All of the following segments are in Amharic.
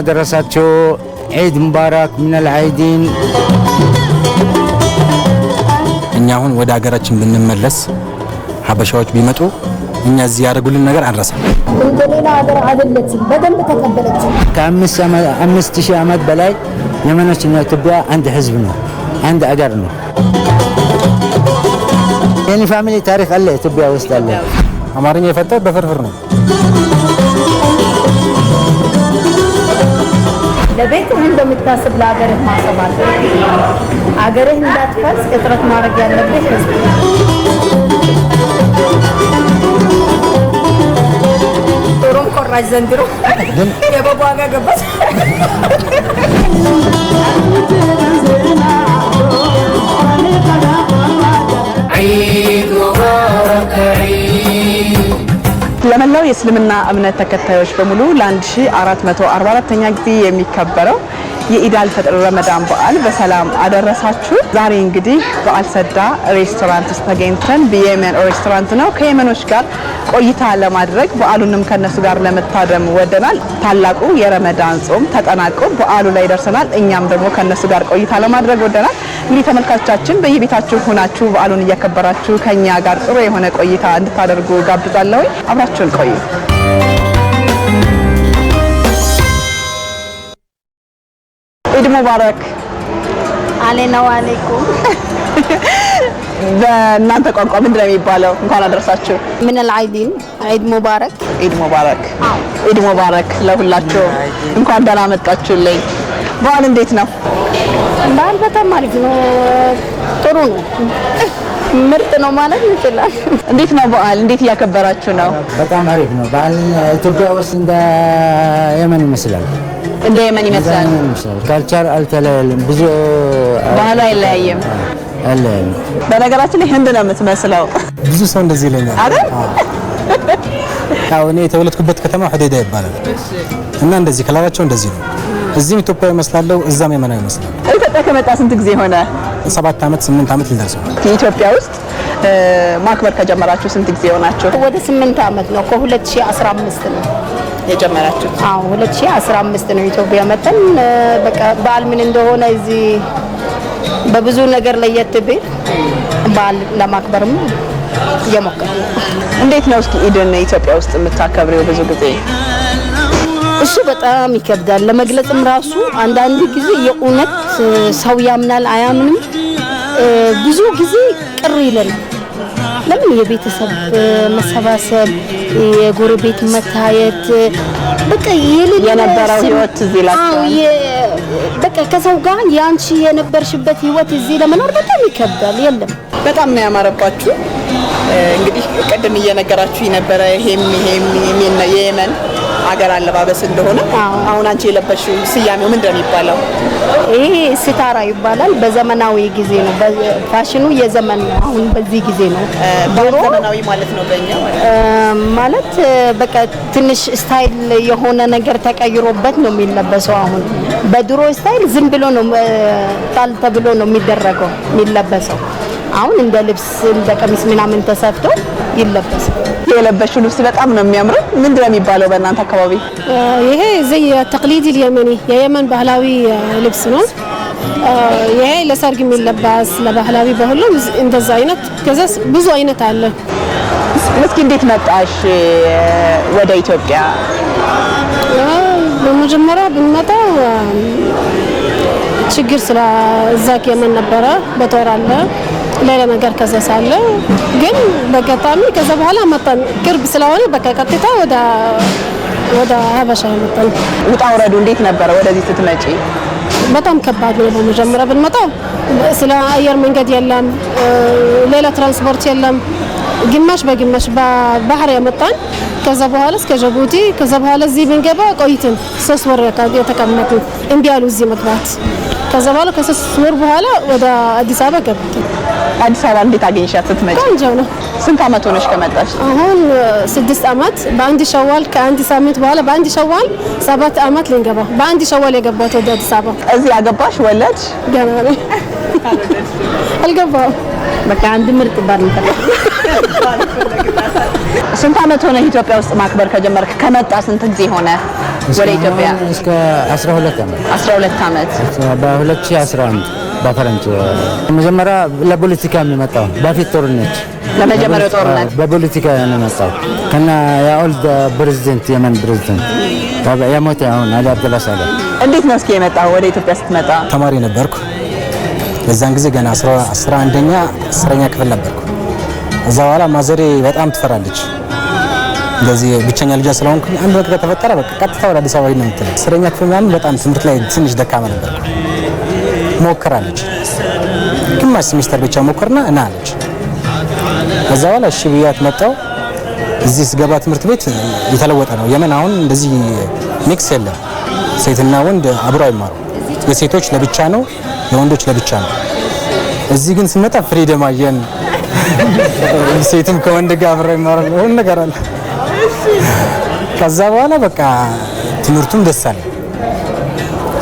አደረሳችሁ። ዒድ ሙባረክ ሚነል አይዲን። እኛ አሁን ወደ ሀገራችን ብንመለስ ሀበሻዎች ቢመጡ እኛ እዚህ ያደርጉልን ነገር አንረሳም። እንደ ሀገር አይደለችም፣ በደንብ ተቀበለችም። ከአምስት ሺህ ዓመት በላይ የመኖችና ኢትዮጵያ አንድ ህዝብ ነው፣ አንድ አገር ነው። የኔ ፋሚሊ ታሪክ አለ ኢትዮጵያ ውስጥ አለ። አማርኛ የፈጠር በፍርፍር ነው ለቤትህ እንደምታስብ ለሀገርህ ማሰብ አለ። ሀገርህ እንዳትፈርስ እጥረት ማድረግ ያለብህ ህዝብ ዶሮም ቆራጭ ዘንድሮ የበጎ ዋጋ ገባች። عيد مبارك عيد ለመላው የእስልምና እምነት ተከታዮች በሙሉ ለ1444ኛ ጊዜ የሚከበረው የኢዳል ፈጥር ረመዳን በዓል በሰላም አደረሳችሁ። ዛሬ እንግዲህ በአልሰዳ ሬስቶራንት ውስጥ ተገኝተን የየመን ሬስቶራንት ነው ከየመኖች ጋር ቆይታ ለማድረግ በዓሉንም ከነሱ ጋር ለመታደም ወደናል። ታላቁ የረመዳን ጾም ተጠናቆ በዓሉ ላይ ደርሰናል። እኛም ደግሞ ከነሱ ጋር ቆይታ ለማድረግ ወደናል። እንግዲህ ተመልካቾቻችን በየቤታችሁ ሆናችሁ በዓሉን እያከበራችሁ ከኛ ጋር ጥሩ የሆነ ቆይታ እንድታደርጉ ጋብዛለሁ። አብራችሁን ቆዩ። ኢድ ሙባረክ። አሌና ዋሌኩም። በእናንተ ቋንቋ ምንድነው የሚባለው? እንኳን አደረሳችሁ። ምንል አይዲን ኢድ ሙባረክ። ኢድ ሙባረክ። ኢድ ሙባረክ ለሁላችሁ። እንኳን ደህና መጣችሁልኝ። በዓል እንዴት ነው? በዓል በጣም አሪፍ ነው። ጥሩ ነው። ምርጥ ነው ማለት ይችላል። እንዴት ነው በዓል? እንዴት እያከበራችሁ ነው? በጣም አሪፍ ነው በዓል። ኢትዮጵያ ውስጥ እንደ የመን ይመስላል። እንደ የመን ይመስላል። ካልቸር አልተለያየም፣ ብዙ ባህሉ አይለያየም። በነገራችን ላይ ህንድ ነው የምትመስለው። ብዙ ሰው እንደዚህ ይለኛል አይደል? እኔ የተወለድኩበት ከተማ ሆዴዳ ይባላል እና እንደዚህ ከለራቸው እንደዚህ ነው። እዚህም ኢትዮጵያ ይመስላለሁ፣ እዛም የመናዊ ይመስላል። ኢትዮጵያ ከመጣ ስንት ጊዜ ሆነ? ሰባት ዓመት ስምንት ዓመት ሊደርሰው። ኢትዮጵያ ውስጥ ማክበር ከጀመራችሁ ስንት ጊዜ ሆናችሁ? ወደ ስምንት ዓመት ነው። ከ2015 ነው የጀመራችሁት? አዎ 2015 ነው ኢትዮጵያ መተን በቃ በዓል ምን እንደሆነ እዚህ በብዙ ነገር ለየት ብል በዓል ለማክበርም እየሞከረ እንዴት ነው እስኪ ኢድን ኢትዮጵያ ውስጥ የምታከብሪው ብዙ ጊዜ? እሱ በጣም ይከብዳል ለመግለጽም ራሱ አንዳንድ ጊዜ የእውነት ሰው ያምናል አያምንም ብዙ ጊዜ ቅር ይለናል። ለምን የቤተሰብ መሰባሰብ፣ የጎረቤት መታየት በቃ የሌለ የነበረው ህይወት እዚህ ላይ በቃ ከሰው ጋር የአንቺ የነበርሽበት ህይወት እዚህ ለመኖር በጣም ይከብዳል። የለም በጣም ነው ያማረባችሁ። እንግዲህ ቅድም እየነገራችሁ የነበረ ይሄም ይሄም የየመን አገር አለባበስ እንደሆነ አሁን አንቺ የለበሽው ስያሜው ምንድን ነው የሚባለው? ይሄ ሲታራ ይባላል። በዘመናዊ ጊዜ ነው ፋሽኑ የዘመን ነው። አሁን በዚህ ጊዜ ነው በዘመናዊ ማለት ነው። በእኛ ማለት በቃ ትንሽ ስታይል የሆነ ነገር ተቀይሮበት ነው የሚለበሰው። አሁን በድሮ ስታይል ዝም ብሎ ነው ጣል ተብሎ ነው የሚደረገው የሚለበሰው። አሁን እንደ ልብስ እንደ ቀሚስ ምናምን ተሰፍቶ ይለበሳል። የለበሽው ልብስ በጣም ነው የሚያምረው። ምንድን ነው የሚባለው በእናንተ አካባቢ? ይሄ እዚህ ተቅሊድ የመኒ የየመን ባህላዊ ልብስ ነው። ይሄ ለሰርግ የሚለበስ ለባህላዊ በሁሉም እንደዛ አይነት ከዛ ብዙ አይነት አለ። እስኪ እንዴት መጣሽ ወደ ኢትዮጵያ? በመጀመሪያ ብንመጣ ችግር ስለ እዛ የመን ነበረ በጦር አለ ሌላ ነገር ከዛ ሳለ ግን በአጋጣሚ ከዛ በኋላ መጣን። ቅርብ ስለሆነ በቃ ቀጥታ ወደ ወደ ሀበሻ መጣን። ውጣ ውረዱ እንዴት ነበረ ወደዚህ ስትመጪ? በጣም ከባድ ነው። በመጀመሪያ ብንመጣው ስለ አየር መንገድ የለም፣ ሌላ ትራንስፖርት የለም። ግማሽ በግማሽ ባህር ያመጣን። ከዛ በኋላ እስከ ጅቡቲ፣ ከዛ በኋላ እዚህ ብንገባ ቆይትን ሶስት ወር የተቀመጡ እምቢ አሉ እዚህ መግባት። ከዛ በኋላ ከሶስት ወር በኋላ ወደ አዲስ አበባ ገብትን። አዲስ አበባ እንዴት አገኘሻት ስትመጪ? ቆንጆ ነው። ስንት አመት ሆነሽ ከመጣሽ? አሁን ስድስት አመት። በአንድ ሸዋል ከአንድ ሳምንት በኋላ በአንድ ሸዋል ሰባት አመት ልንገባ። በአንድ ሸዋል የገባሁት ወደ አዲስ አበባ። እዚህ አገባሽ? ወለድሽ? ገና ነው አልገባሁም። በቃ አንድ ምርጥ ባል ስንት አመት ሆነ ኢትዮጵያ ውስጥ ማክበር ከጀመርክ? ከመጣ ስንት ጊዜ ሆነ ወደ ኢትዮጵያ? እስከ 12 አመት 12 አመት በ2011 በፈረንጅ መጀመሪያ ለፖለቲካ የሚመጣው በፊት ጦርነት ለመጀመሪያ ጦርነት በፖለቲካ የሚመጣው ከና የኦልድ ፕሬዚደንት የመን ፕሬዚደንት የሞተ አሁን አሊ አብደላሳለ። እንዴት ነው እስኪ የመጣው ወደ ኢትዮጵያ ስትመጣ? ተማሪ ነበርኩ የዛን ጊዜ ገና አስራ አንደኛ አስረኛ ክፍል ነበርኩ። እዛ በኋላ ማዘሬ በጣም ትፈራለች እንደዚህ ብቸኛ ልጇ ስለሆንኩ አንድ ነገር ከተፈጠረ በቃ ቀጥታ ወደ አዲስ አበባ ነው የምትለው። አስረኛ ክፍል ምናምን በጣም ትምህርት ላይ ትንሽ ደካማ ነበርኩ። ሞክራለች። ግማሽ ሴሚስተር ብቻ ሞክርና እና አለች። ከዛ በኋላ እሺ ብያት መጣው። እዚህ ስገባ ትምህርት ቤት የተለወጠ ነው። የመን አሁን እንደዚህ ሚክስ የለም። ሴትና ወንድ አብሮ አይማሩ። የሴቶች ለብቻ ነው፣ የወንዶች ለብቻ ነው። እዚህ ግን ስመጣ ፍሪደም አየን። ሴትም ከወንድ ጋር አብሮ ይማራል። ሁሉ ነገር አለ። ከዛ በኋላ በቃ ትምህርቱም ደስ አለ።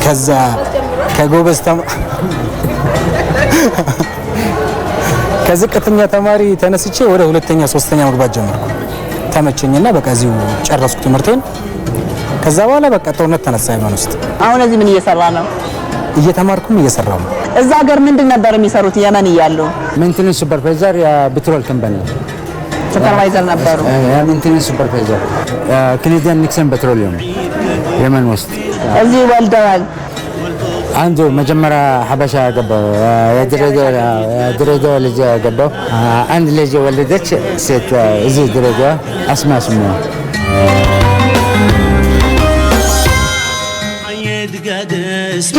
ከዛ ከጎበዝ ከዝቅተኛ ተማሪ ተነስቼ ወደ ሁለተኛ ሶስተኛ መግባት ጀመርኩ። ተመቸኝና በቃ እዚሁ ጨረስኩ ትምህርቴን። ከዛ በኋላ በቃ ጦርነት ተነሳ ሃይማኖት ውስጥ። አሁን እዚህ ምን እየሰራ ነው? እየተማርኩም እየሰራው ነው። እዛ ሀገር ምንድን ነበር የሚሰሩት? የመን እያሉ ሜንቴናንስ ሱፐርቫይዘር የፔትሮል ከምፓኒ ሱፐርቫይዘር ነበሩ። ሜንቴናንስ ሱፐርቫይዘር ኬኔዲያን ኒክሰን ፔትሮሊየም የመን ውስጥ እዚህ ወልደዋል። አንዱ መጀመሪያ ሀበሻ ገባሁ። ድሬዳዋ ልጅ ገባው። አንድ ልጅ ወለደች ሴት እዚህ ድሬዳዋ አስማ ስሙ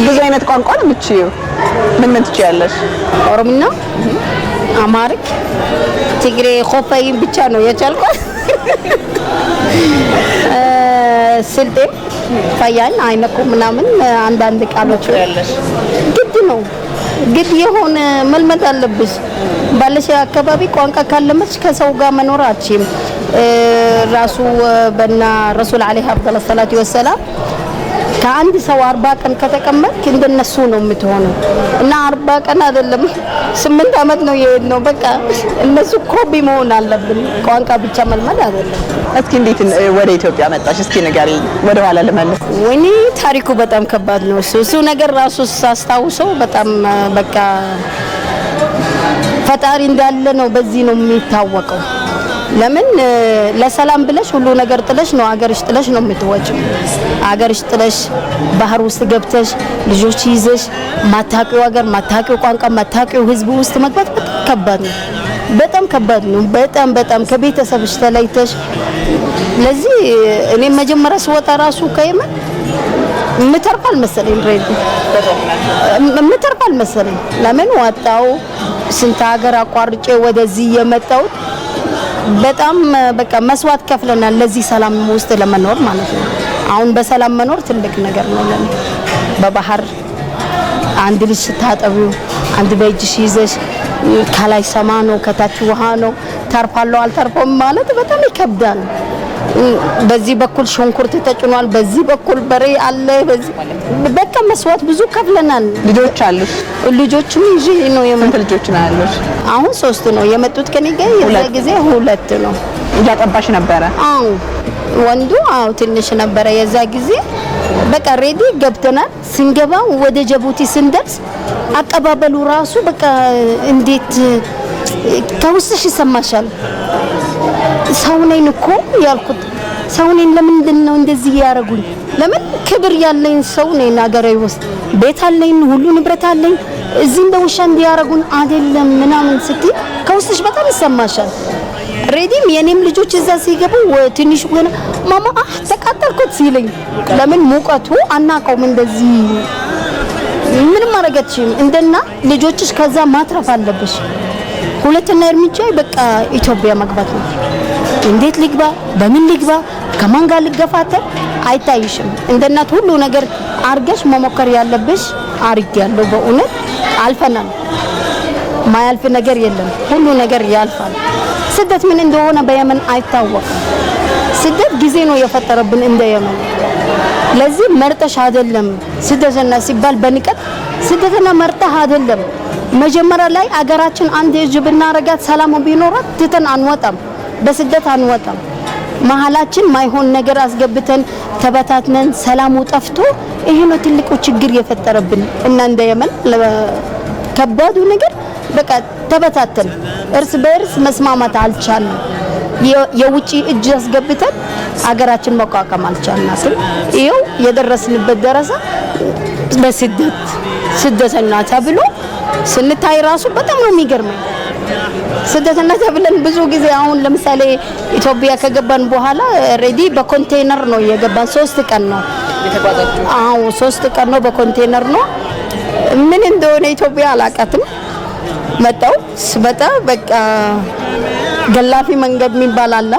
ብዙ አይነት ቋንቋ ነው የምትችይው? ምን ምን ትችያለሽ? ኦሮምኛ፣ አማሪክ፣ ትግሬ፣ ኮፈይን ብቻ ነው የቻልኳት ስልጤም ይታያል። አይነኩም ምናምን አንዳንድ ቃሎች ግድ ነው ግድ የሆነ መልመድ አለብሽ። ባለሽ አካባቢ ቋንቋ ካለመች ከሰው ጋር መኖር አችም ራሱ በና ረሱል አለይሂ አፍዳለ ሰላቱ ወሰላም ከአንድ ሰው አርባ ቀን ከተቀመጥክ እንደነሱ ነው የምትሆነው። እና አርባ ቀን አይደለም ስምንት ዓመት ነው የሄድ ነው። በቃ እነሱ ኮቢ መሆን አለብን። ቋንቋ ብቻ መልመድ አይደለም። እስኪ እንዴት ወደ ኢትዮጵያ መጣሽ? እስኪ ንገሪ። ወደ ኋላ ልመለስ። ወይኔ ታሪኩ በጣም ከባድ ነው። እሱ ነገር ራሱ ሳስታውሰው በጣም በቃ ፈጣሪ እንዳለ ነው። በዚህ ነው የሚታወቀው። ለምን ለሰላም ብለሽ ሁሉ ነገር ጥለሽ ነው አገርሽ ጥለሽ ነው የምትወጪ። አገርሽ ጥለሽ ባህር ውስጥ ገብተሽ ልጆች ይዘሽ ማታቂው አገር ማታቂው ቋንቋ ማታቂው ሕዝብ ውስጥ መግባት በጣም ከባድ ነው። በጣም ከባድ ነው። በጣም በጣም ከቤተሰብሽ ተለይተሽ። ለዚህ እኔ መጀመሪያ ስወጣ ራሱ ከየመን ምተርፍ አልመሰለኝ ድሬድ ምተርፍ መሰለኝ። ለምን ወጣው ስንት ሀገር አቋርጬ ወደዚህ የመጣሁት በጣም በቃ መስዋዕት ከፍለናል ለዚህ ሰላም ውስጥ ለመኖር ማለት ነው። አሁን በሰላም መኖር ትልቅ ነገር ነው ለኔ። በባህር አንድ ልጅ ስታጠቢው አንድ በእጅሽ ይዘሽ ከላይ ሰማ ነው ከታች ውሃ ነው ተርፋለሁ አልተርፎም ማለት በጣም ይከብዳል። በዚህ በኩል ሽንኩርት ተጭኗል፣ በዚህ በኩል በሬ አለ። በቃ መስዋዕት ብዙ ከፍለናል። ልጆች አሉ። ልጆችም ይዤ ነው የመጣሁት። ልጆች ነው ያሉት። አሁን ሶስት ነው የመጡት ከኔ ጋር። የዛ ጊዜ ሁለት ነው። እያጠባሽ ነበረ? አዎ ወንዱ አዎ ትንሽ ነበረ የዛ ጊዜ። በቃ ሬዲ ገብተናል። ስንገባ ወደ ጅቡቲ ስንደርስ አቀባበሉ ራሱ በቃ እንዴት ከውስሽ ይሰማሻል ሰው ነኝ እኮ ያልኩት ሰው ነኝ። ለምንድን ነው እንደዚህ ያደረጉኝ? ለምን ክብር ያለኝ ሰው ነኝ። አገሬ ውስጥ ቤት አለኝ፣ ሁሉ ንብረት አለኝ። እዚህ እንደ ውሻ እንዲያረጉን አይደለም ምናምን ስትይ ከውስጥሽ በጣም ይሰማሻል። ሬዲም የኔም ልጆች እዛ ሲገቡ ትንሽ ገና ማማ አ ተቃጠልኩት ሲለኝ ለምን ሙቀቱ አናውቀውም እንደዚህ ምንም አረገችም እንደና ልጆችሽ ከዛ ማትረፍ አለብሽ። ሁለተኛ እርምጃ በቃ ኢትዮጵያ መግባት ነው። እንዴት ሊግባ በምን ሊግባ ከማን ጋር ልገፋተር አይታይሽም። እንደ እናት ሁሉ ነገር አርገሽ መሞከር ያለብሽ አርግ ያለው በእውነት አልፈናል። ማያልፍ ነገር የለም። ሁሉ ነገር ያልፋል። ስደት ምን እንደሆነ በየመን አይታወቅም። ስደት ጊዜ ነው የፈጠረብን እንደ የመን። ለዚህ መርጠሽ አይደለም ስደተኛ ሲባል በንቀት ስደተኛ መርጠህ አይደለም መጀመሪያ ላይ አገራችን አንድ እጅ ብናረጋት ሰላም ቢኖራት ትተን አንወጣም፣ በስደት አንወጣም። መሀላችን ማይሆን ነገር አስገብተን ተበታትነን ሰላሙ ጠፍቶ ይሄ ነው ትልቁ ችግር የፈጠረብን እና እንደ የመን ከባዱ ነገር በቃ ተበታተን እርስ በእርስ መስማማት አልቻልም። የውጭ እጅ አስገብተን አገራችን መቋቋም አልቻልናትም። ይኸው የደረስንበት ደረሳ በስደት ስደተኛ ተብሎ ስንታይ ራሱ በጣም ነው የሚገርመኝ። ስደትና ተብለን ብዙ ጊዜ አሁን ለምሳሌ ኢትዮጵያ ከገባን በኋላ ሬዲ በኮንቴነር ነው የገባን። ሶስት ቀን ነው አዎ፣ ሶስት ቀን ነው በኮንቴነር ነው። ምን እንደሆነ ኢትዮጵያ አላውቃትም። መጣው ስመጣ በቃ ገላፊ መንገድ የሚባል አለ፣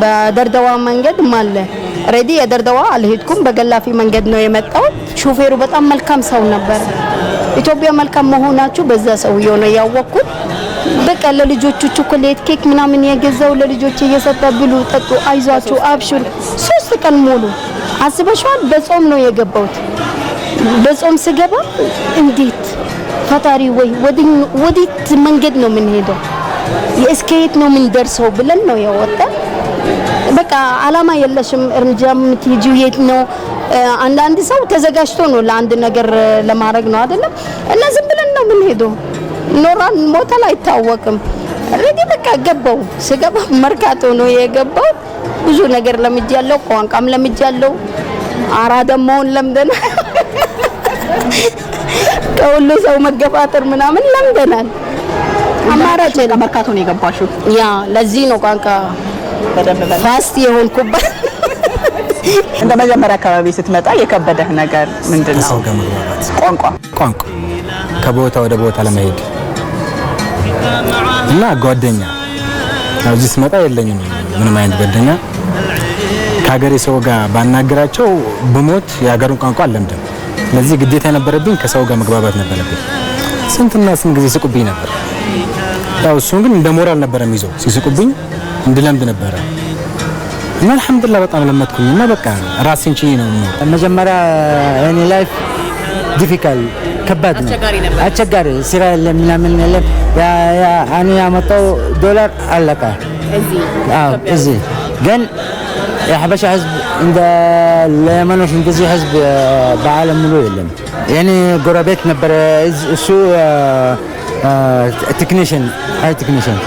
በደርደዋ መንገድ ማለ ሬዲ የደርደዋ አልሄድኩም። በገላፊ መንገድ ነው የመጣው። ሹፌሩ በጣም መልካም ሰው ነበር። ኢትዮጵያ መልካም መሆናችሁ በዛ ሰውዬው ነው ያወቅኩት። በቃ ለልጆቹ ቾኮሌት ኬክ ምናምን የገዛው ለልጆች እየሰጠ ብሉ፣ ጠጡ፣ አይዟችሁ፣ አብሽሩ። ሶስት ቀን ሙሉ አስበሽዋል። በጾም ነው የገባሁት። በጾም ስገባ እንዴት ፈጣሪ ወይ ወዴት መንገድ ነው የምንሄደው? እስከየት ነው የምንደርሰው ብለን ነው ያወጣ በቃ አላማ የለሽም እርምጃ የምትሄጂው የት ነው? አንዳንድ ሰው ተዘጋጅቶ ነው ለአንድ ነገር ለማድረግ ነው አይደለም። እና ዝም ብለን ነው የምንሄደው። ኖራን ሞተል አይታወቅም። ሬዲ በቃ ገባው ስገባ መርካቶ ነው የገባው። ብዙ ነገር ለምጅ ያለው ቋንቋም ለምጅ ያለው አራ ደሞውን ለምደናል። ከሁሉ ሰው መገፋጠር ምናምን ለምደናል። አማራጭ መርካቶ ነው የገባሽው? ያ ለዚህ ነው ቋንቋ በደንብ ፋስት የሆንኩበት እንደ መጀመሪያ አካባቢ ስትመጣ የከበደህ ነገር ምንድን ነው? ቋንቋ ቋንቋ ከቦታ ወደ ቦታ ለመሄድ እና ጓደኛ እዚህ ስመጣ የለኝም ምንም አይነት ጓደኛ ከሀገሬ ሰው ጋር ባናገራቸው ብሞት የሀገሩን ቋንቋ አልለምድም። ስለዚህ ግዴታ የነበረብኝ ከሰው ጋር መግባባት ነበረብኝ። ስንትና ስንት ጊዜ ስቁብኝ ነበር። ያው እሱን ግን እንደ ሞራል ነበር የሚይዘው ሲስቁብኝ እንድለምድ ነበረ እና አልሐምዱሊላህ በጣም ለመድኩኝ እና በቃ ራሴን ችዬ ነው የምኖረው። መጀመሪያ እኔ ላይፍ ዲፊካል ከባድ ነው፣ አስቸጋሪ ስራ የለም ምናምን የለም። እኔ ያመጣው ዶላር አለቀ እዚህ ግን የሀበሻ ህዝብ እንደ ለየመኖች እንደዚህ ህዝብ በዓለም ሙሉ የለም። የኔ ጎረቤት ነበረ እሱ ቴክኒሽን ሀይ ቴክኒሽን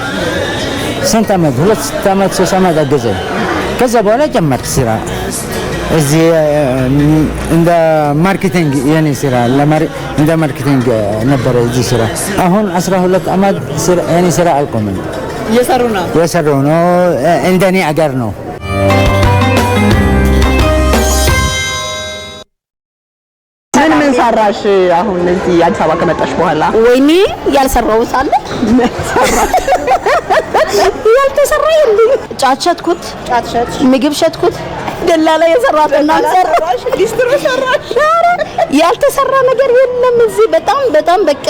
ስንት ዓመት ሁለት ዓመት ሶስት ዓመት ከዛ በኋላ ጀመርክ ስራ እዚህ እንደ ማርኬቲንግ የኔ ስራ እንደ ማርኬቲንግ ነበረ እዚህ ስራ። አሁን 12 ዓመት የኔ ስራ አልቆመም። የሰሩ ነው ነው እንደኔ አገር ነው ሰራሽ አሁን እዚህ አዲስ አበባ ከመጣሽ በኋላ? ወይኔ ያልሰራሁት አለ ያልተሰራ የለም። ጫት ሸጥኩት፣ ምግብ ሸጥኩት፣ ደላላ የሰራት እና ሰራሽ ዲስትር ሰራሽ። ያልተሰራ ነገር የለም እዚህ። በጣም በጣም በቃ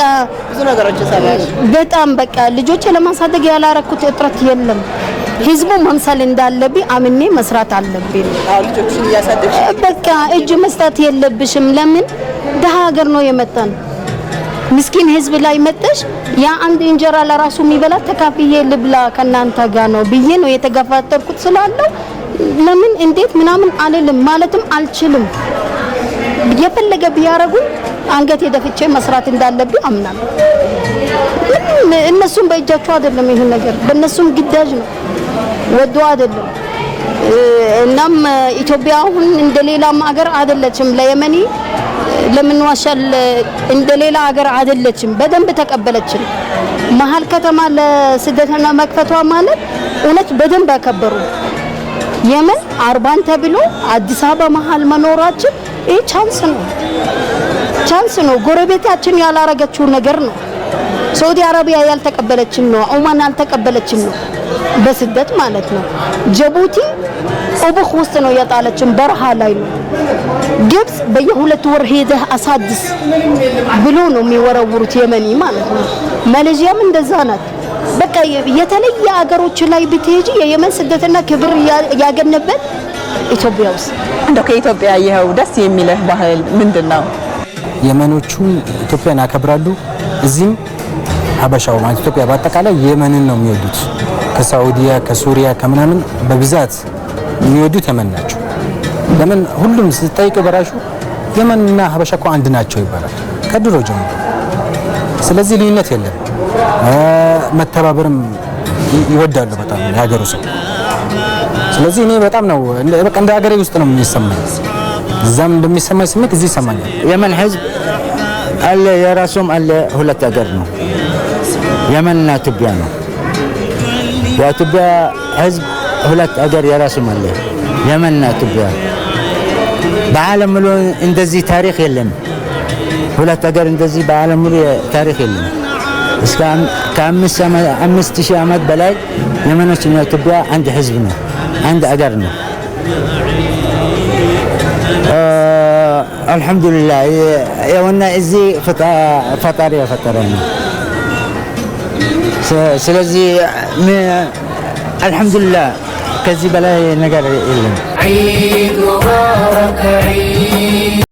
ብዙ ነገሮች ሰራሽ። በጣም በቃ ልጆቼ ለማሳደግ ያላረኩት እጥረት የለም። ህዝቡ መምሰል እንዳለብኝ አምኔ መስራት አለብኝ። በቃ እጅ መስጠት የለብሽም ለምን ድሃ ሀገር ነው የመጣን። ምስኪን ህዝብ ላይ መጠሽ ያ አንድ እንጀራ ለራሱ የሚበላ ተካፍዬ ልብላ ከናንተ ጋር ነው ብዬ ነው የተገፋጠርኩት ስላለው ለምን እንዴት ምናምን አልልም ማለትም አልችልም። የፈለገ ቢያረጉ አንገት የደፍቼ መስራት እንዳለብኝ አምናለሁ። እነሱም በእጃቸው አይደለም ይሄን ነገር፣ በእነሱም ግዳጅ ነው ወዶ አይደለም። እናም ኢትዮጵያ አሁን እንደሌላም ሀገር አይደለችም ለየመኒ ለምን ዋሻል? እንደ ሌላ ሀገር አይደለችም። በደንብ ተቀበለችን። መሀል ከተማ ለስደተኛ መክፈቷ ማለት እውነት በደንብ ያከበሩ የምን አርባን ተብሎ አዲስ አበባ መሀል መኖራችን ይህ ቻንስ ነው፣ ቻንስ ነው። ጎረቤታችን ያላረገችው ነገር ነው። ሳውዲ አረቢያ ያልተቀበለችን ነው። ኦማን ያልተቀበለችን ነው፣ በስደት ማለት ነው። ጅቡቲ ጦብህ ውስጥ ነው የጣለችን፣ በረሃ ላይ ነው። ግብጽ በየሁለት ወር ሄደህ አሳድስ ብሎ ነው የሚወረውሩት የመኒ ማለት ነው። ማሌዥያም እንደዛ ናት። በቃ የተለየ አገሮች ላይ ብትሄጂ የየመን ስደትና ክብር ያገነበት ኢትዮጵያ ውስጥ እንደው ከኢትዮጵያ ይኸው ደስ የሚለህ ባህል ምንድን ነው? ኢትዮጵያን ያከብራሉ። እዚህም ሀበሻው ማለት ኢትዮጵያ በአጠቃላይ የመንን ነው የሚወዱት። ከሳውዲያ ከሱሪያ ከምናምን በብዛት የሚወዱት የመን ናቸው። ለምን ሁሉም ስትጠይቅ በራሹ የመንና ሀበሻ እኮ አንድ ናቸው ይባላል ከድሮ ጀምሮ። ስለዚህ ልዩነት የለም። መተባበርም ይወዳሉ በጣም የሀገሩ ሰው። ስለዚህ እኔ በጣም ነው በቃ እንደ ሀገሬ ውስጥ ነው የሚሰማኝ። እዛም እንደሚሰማኝ ስሜት እዚህ ይሰማኛል። የመን ህዝብ አለ የራሱም አለ ሁለት ሀገር ነው የመንና ኢትዮጵያ ነው። የኢትዮጵያ ህዝብ ሁለት አገር የራሱም አለ። የመንና ኢትዮጵያ በዓለም ሙሉ እንደዚህ ታሪክ የለም። ሁለት አገር እንደዚህ በዓለም ሙሉ ታሪክ የለም። እስከ ከአምስት ሺህ ዓመት በላይ የመኖችና ኢትዮጵያ አንድ ህዝብ ነው፣ አንድ አገር ነው። አልሐምዱሊላህ የሆነ እዚህ ፈጣሪ የፈጠረ ነው። ስለዚህ አልሐምዱሊላህ كذب لا ينقل إلا عيد مبارك عيد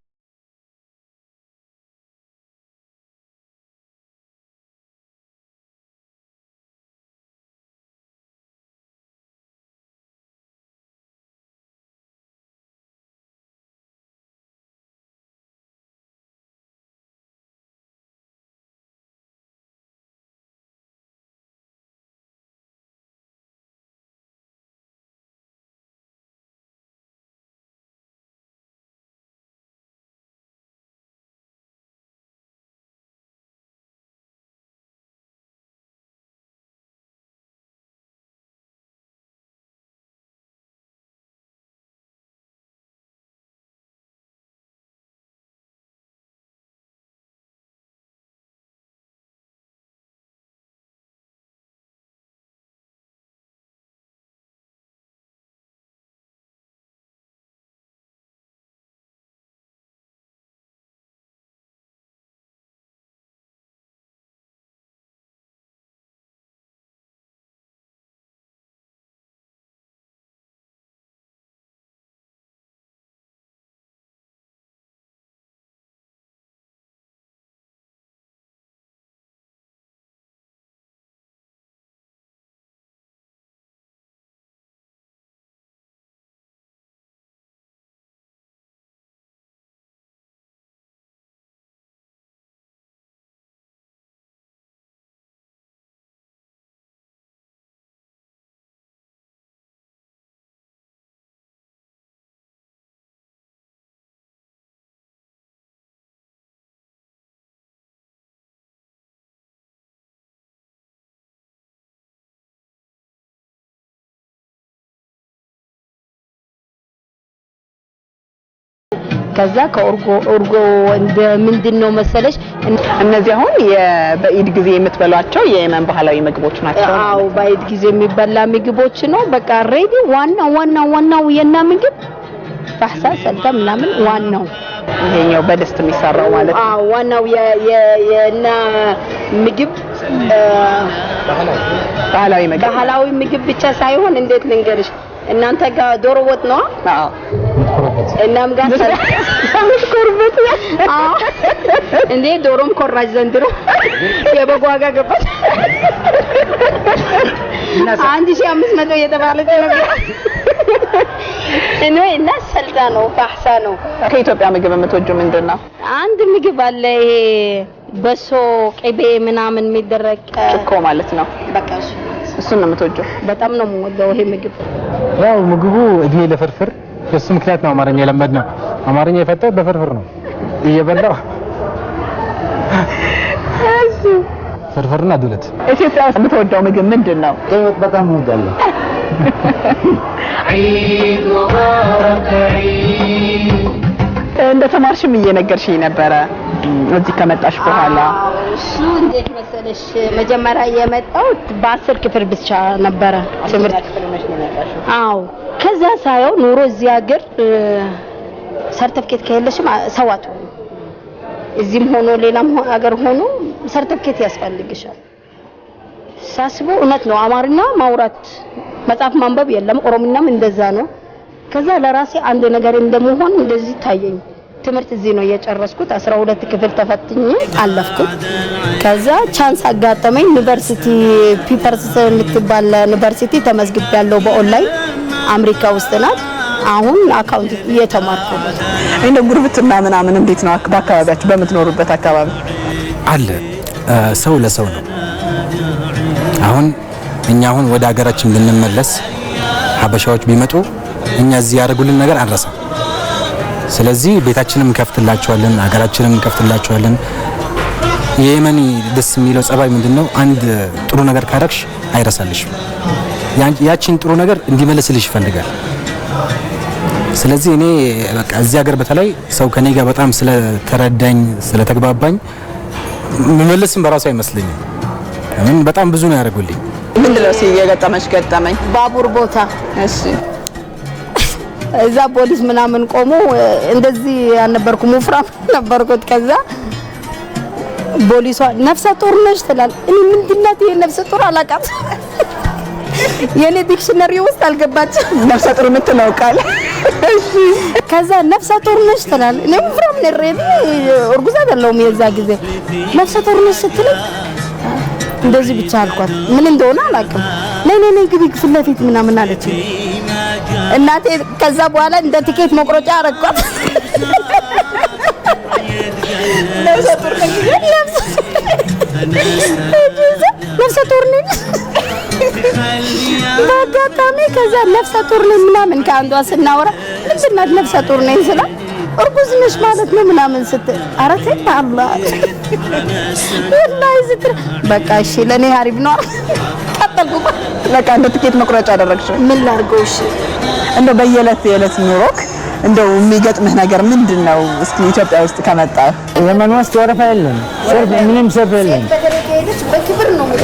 ከዛ ከኦርጎ ኦርጎ ምንድን ነው መሰለሽ እነዚህ አሁን በኢድ ጊዜ የምትበሏቸው የየመን ባህላዊ ምግቦች ናቸው። አዎ በኢድ ጊዜ የሚበላ ምግቦች ነው። በቃ ሬዲ ዋናው ዋናው ዋናው የና ምግብ ባህሳ ሰልታ ምናምን ዋናው ይሄኛው በደስት የሚሰራው ማለት ነው። ዋናው የና ምግብ ባህላዊ ምግብ ብቻ ሳይሆን እንዴት ልንገርሽ እናንተ ጋር ዶሮ ወጥ ነው። አዎ እናም ጋር የምትኮሩበት እንዴ ዶሮም ኮራጅ ዘንድሮ የበጎ ዋጋ ገባች። አንድ ሺህ አምስት መቶ እየተባለ እኔ እና ሰልዳ ነው ፋህሳ ነው። ከኢትዮጵያ ምግብ የምትወጂው ምንድን ነው? አንድ ምግብ አለ ይሄ በሶ ቅቤ ምናምን የሚደረግ ጭኮ ማለት ነው። በቃ እሱ እሱን ነው የምትወጂው? በጣም ነው የምወደው ይሄ ምግብ። ያው ምግቡ እድሜ ለፍርፍር በሱ ምክንያት ነው አማርኛ የለመድ ነው። አማርኛ የፈጠር በፍርፍር ነው እየበላው ፍርፍርና ዱለት። ኢትዮጵያ ውስጥ የምትወደው ምግብ ምንድን ነው? ቀይወጥ በጣም እወዳለሁ። እንደ ተማርሽም እየነገርሽኝ ነበረ እዚህ ከመጣሽ በኋላ? እሱ እንዴት መሰለሽ መጀመሪያ የመጣሁት በአስር ክፍል ብቻ ነበረ ትምህርት። አዎ ከዛ ሳየው ኑሮ እዚህ ሀገር ሰርተፍኬት ከሌለሽም ሰዋት እዚህም ሆኖ ሌላም ሀገር ሆኖ ሰርተፍኬት ያስፈልግሻል። ሳስበው እውነት ነው። አማርኛ ማውራት መጽሐፍ ማንበብ የለም። ኦሮምኛም እንደዛ ነው። ከዛ ለራሴ አንድ ነገር እንደመሆን እንደዚህ ታየኝ። ትምህርት እዚህ ነው የጨረስኩት። 12 ክፍል ተፈትኝ አለፍኩት። ከዛ ቻንስ አጋጠመኝ ዩኒቨርሲቲ ፒፐርስ የምትባል ዩኒቨርሲቲ ተመዝግብ ያለው በኦንላይን አሜሪካ ውስጥ ናት። አሁን አካውንት እየተማርኩ ነው። እንደው ጉርብትና ምናምን እንዴት ነው በአካባቢያችሁ በምትኖሩበት አካባቢ አለ? ሰው ለሰው ነው። አሁን እኛ አሁን ወደ ሀገራችን ብንመለስ ሀበሻዎች ቢመጡ እኛ እዚህ ያደርጉልን ነገር አንረሳም። ስለዚህ ቤታችንም እንከፍትላቸዋለን፣ ሀገራችንም እንከፍትላቸዋለን። የየመኒ ደስ የሚለው ጸባይ ምንድን ነው? አንድ ጥሩ ነገር ካረግሽ አይረሳልሽ። ያቺን ጥሩ ነገር እንዲመልስልሽ ይፈልጋል። ስለዚህ እኔ በቃ እዚህ ሀገር በተለይ ሰው ከኔ ጋር በጣም ስለተረዳኝ ስለተግባባኝ መመለስም በራሱ አይመስለኝም። በጣም ብዙ ነው ያደርጉልኝ። ምንድነው የገጠመሽ ገጠመኝ? ባቡር ቦታ። እሺ እዛ ፖሊስ ምናምን ቆሞ እንደዚህ አልነበርኩም፣ ወፍራም ነበርኩት። ከዛ ፖሊሷ ነፍሰ ጡር ነሽ ትላል። እኔ ምንድን ናት ይሄ ነፍሰ ጡር አላውቃት፣ የኔ ዲክሽነሪ ውስጥ አልገባች ነፍሰ ጡር የምትለው ቃል። ከዛ ነፍሰ ጡር ነሽ ትላል። እኔ ወፍራም ነኝ፣ እርጉዝ አይደለሁም የዛ ጊዜ። ነፍሰ ጡር ነሽ ስትለኝ እንደዚህ ብቻ አልኳት። ምን እንደሆነ አላውቅም። ነይ ነይ ነይ ግቢ ፊት ለፊት ምናምን አለችኝ እናቴ። ከዛ በኋላ እንደ ትኬት መቁረጫ አረኳት። ነፍሰ ጡር ነኝ በአጋጣሚ ከዛ ነፍሰ ጡር ነኝ ምናምን ከአንዷ ስናወራ ምንድን ናት ነፍሰ ጡር ነኝ ስላ እርጉዝ ነሽ ማለት ነው ምናምን ስትል ኧረ ተይ አላህ ወላሂ ስትል በቃ እሺ ለእኔ ሀሪፍ ነው ቀጠልኩ። በቃ እንደ ትኬት መቁረጫ አደረግሽው። ምን ላድርገው? እሺ እንደው በየዕለት የዕለት ኑሮክ እንደው የሚገጥምህ ነገር ምንድን ነው? እስኪ ኢትዮጵያ ውስጥ ከመጣ የመንወስ ወረፋ የለም፣ ምንም ሰልፍ የለም።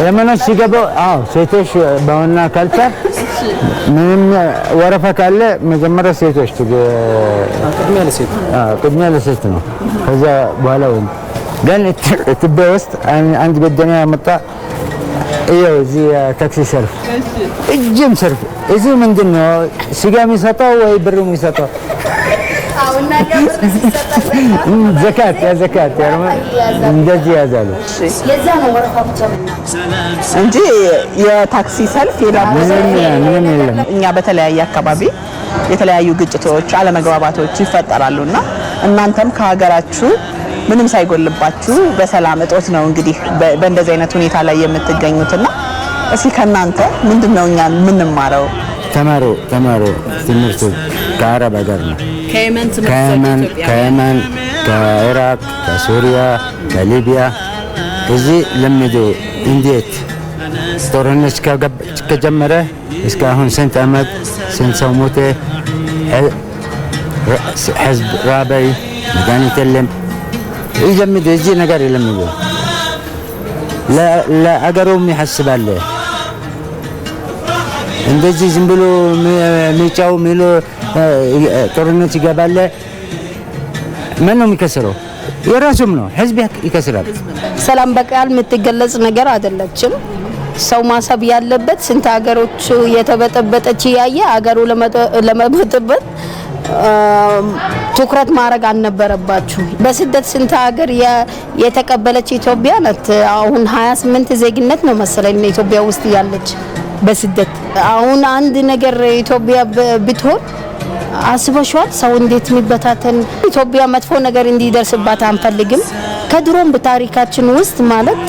የመንወስ ሲገባው አዎ ሴቶች በሆነ ካልቸር ምንም ወረፋ ካለ መጀመሪያ ሴቶች ቅድሚያ ለሴት ነው። ከዛ በኋላ ወይ ግን ኢትዮጵያ ውስጥ አንድ ጓደኛ መጣ። ይኸው እዚህ ታክሲ ሰልፍ፣ እጅም ሰልፍ እዚህ ምንድን ነው ስጋ የሚሰጠው ወይ ብር የሚሰጠው ዘካት ያ ዘካት እንደዚህ ያዛሉ እንጂ የታክሲ ሰልፍ ምንም የለም። እኛ በተለያየ አካባቢ የተለያዩ ግጭቶች፣ አለመግባባቶች ይፈጠራሉ እና እናንተም ከሀገራችሁ ምንም ሳይጎልባችሁ በሰላም እጦት ነው እንግዲህ በእንደዚህ አይነት ሁኔታ ላይ የምትገኙትና እስኪ ከእናንተ ምንድን ነው እኛ የምንማረው? ተማሩ ተማሩ። ትምህርቱ ከአረብ ሀገር ነው። ከየመን፣ ከኢራቅ፣ ከሱሪያ፣ ከሊቢያ እዚህ ለምዶ እንዴት ጦርነት ከጀመረ እስከ አሁን ስንት አመት ስንት ሰው ሞተ? ህዝብ ራበይ፣ መድኃኒት የለም። ይለምዶ እዚህ ነገር ይለምዶ ለአገሩም ያስባለ እንደዚህ ዝም ብሎ ምጫው ሚሎ ጦርነት ይገባለ ማን ነው የሚከስረው? የራሱም ነው ህዝብ ይከስራል። ሰላም በቃል የምትገለጽ ነገር አይደለችም። ሰው ማሰብ ያለበት ስንት ሀገሮች የተበጠበጠች እያየ ሀገሩ ለመበጥበት ትኩረት ማድረግ አልነበረባችሁ። በስደት ስንት ሀገር የተቀበለች ኢትዮጵያ ናት። አሁን 28 ዜግነት ነው መሰለኝ ኢትዮጵያ ውስጥ ያለች በስደት አሁን አንድ ነገር ኢትዮጵያ ብትሆን አስበሽዋል? ሰው እንዴት የሚበታተን ኢትዮጵያ መጥፎ ነገር እንዲደርስባት አንፈልግም። ከድሮም በታሪካችን ውስጥ ማለት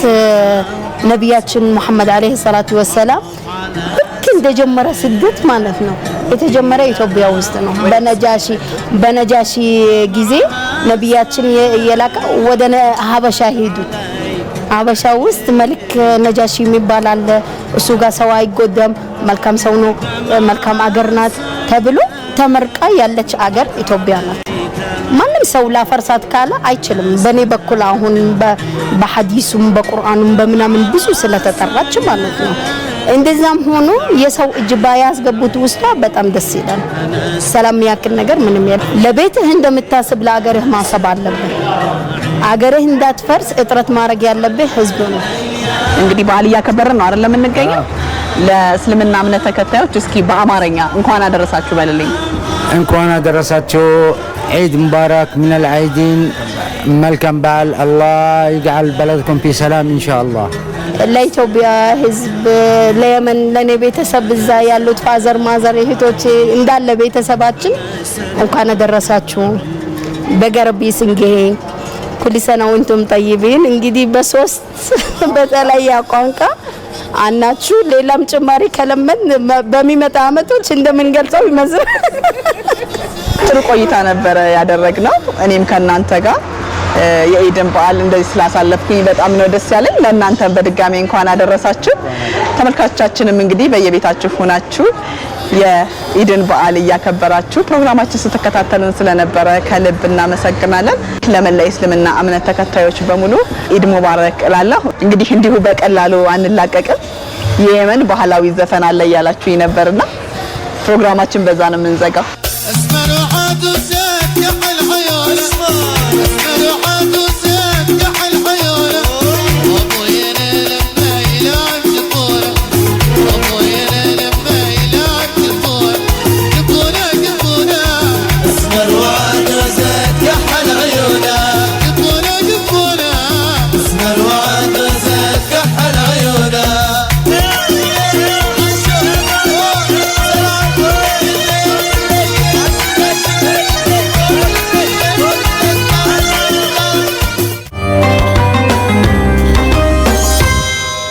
ነቢያችን ሙሐመድ አለይሂ ሰላቱ ወሰላም ልክ እንደጀመረ ስደት ማለት ነው የተጀመረ ኢትዮጵያ ውስጥ ነው። በነጃሺ በነጃሺ ጊዜ ነቢያችን የላቀ ወደ ሀበሻ ሄዱ አበሻ ውስጥ መልክ ነጃሽ የሚባል አለ። እሱ ጋር ሰው አይጎዳም፣ መልካም ሰው ነው፣ መልካም አገር ናት ተብሎ ተመርቃ ያለች አገር ኢትዮጵያ ናት። ማንም ሰው ላፈርሳት ካለ አይችልም። በእኔ በኩል አሁን በሐዲሱም በቁርአኑም በምናምን ብዙ ስለተጠራች ማለት ነው እንደዛም ሆኖ የሰው እጅ ባያስገቡት ውስጧ በጣም ደስ ይላል። ሰላም ያክል ነገር ምንም የለ። ለቤትህ እንደምታስብ ለአገርህ ማሰብ አለብህ። አገርህ እንዳትፈርስ እጥረት ማድረግ ያለብህ ህዝብ ነው። እንግዲህ በዓል እያከበርን ነው አይደለም የምንገኘው። ለእስልምና እምነት ተከታዮች እስኪ በአማርኛ እንኳን አደረሳችሁ በልልኝ። እንኳን አደረሳችሁ። ዒድ ሙባረክ ሚነል ዐይዲን መልካም በዓል። አላህ ይጅዓል በለድኩም ፊ ሰላም ኢንሻአላህ። ለኢትዮጵያ ሕዝብ ለየመን ለኔ ቤተሰብ እዛ ያሉት ፋዘር ማዘር እህቶቼ እንዳለ ቤተሰባችን እንኳን አደረሳችሁ። በገርቢ ስንጌ ኩሊሰና ወንቱም ጠይቢን እንግዲህ በሶስት በተለያየ ቋንቋ አናችሁ ሌላም ጭማሪ ከለመን በሚመጣ አመቶች እንደምንገልጸው ይመስላል። ጥሩ ቆይታ ነበረ ያደረግነው እኔም ከእናንተ ጋር የኢድን በዓል እንደዚህ ስላሳለፍኩኝ በጣም ነው ደስ ያለኝ። ለእናንተ በድጋሚ እንኳን አደረሳችሁ። ተመልካቾቻችንም እንግዲህ በየቤታችሁ ሆናችሁ የኢድን በዓል እያከበራችሁ ፕሮግራማችን ስትከታተልን ስለነበረ ከልብ እናመሰግናለን። ለመላ እስልምና እምነት ተከታዮች በሙሉ ኢድ ሙባረክ እላለሁ። እንግዲህ እንዲሁ በቀላሉ አንላቀቅም። የየመን ባህላዊ ዘፈን አለ እያላችሁ ነበርና ፕሮግራማችን በዛ ነው የምንዘጋው።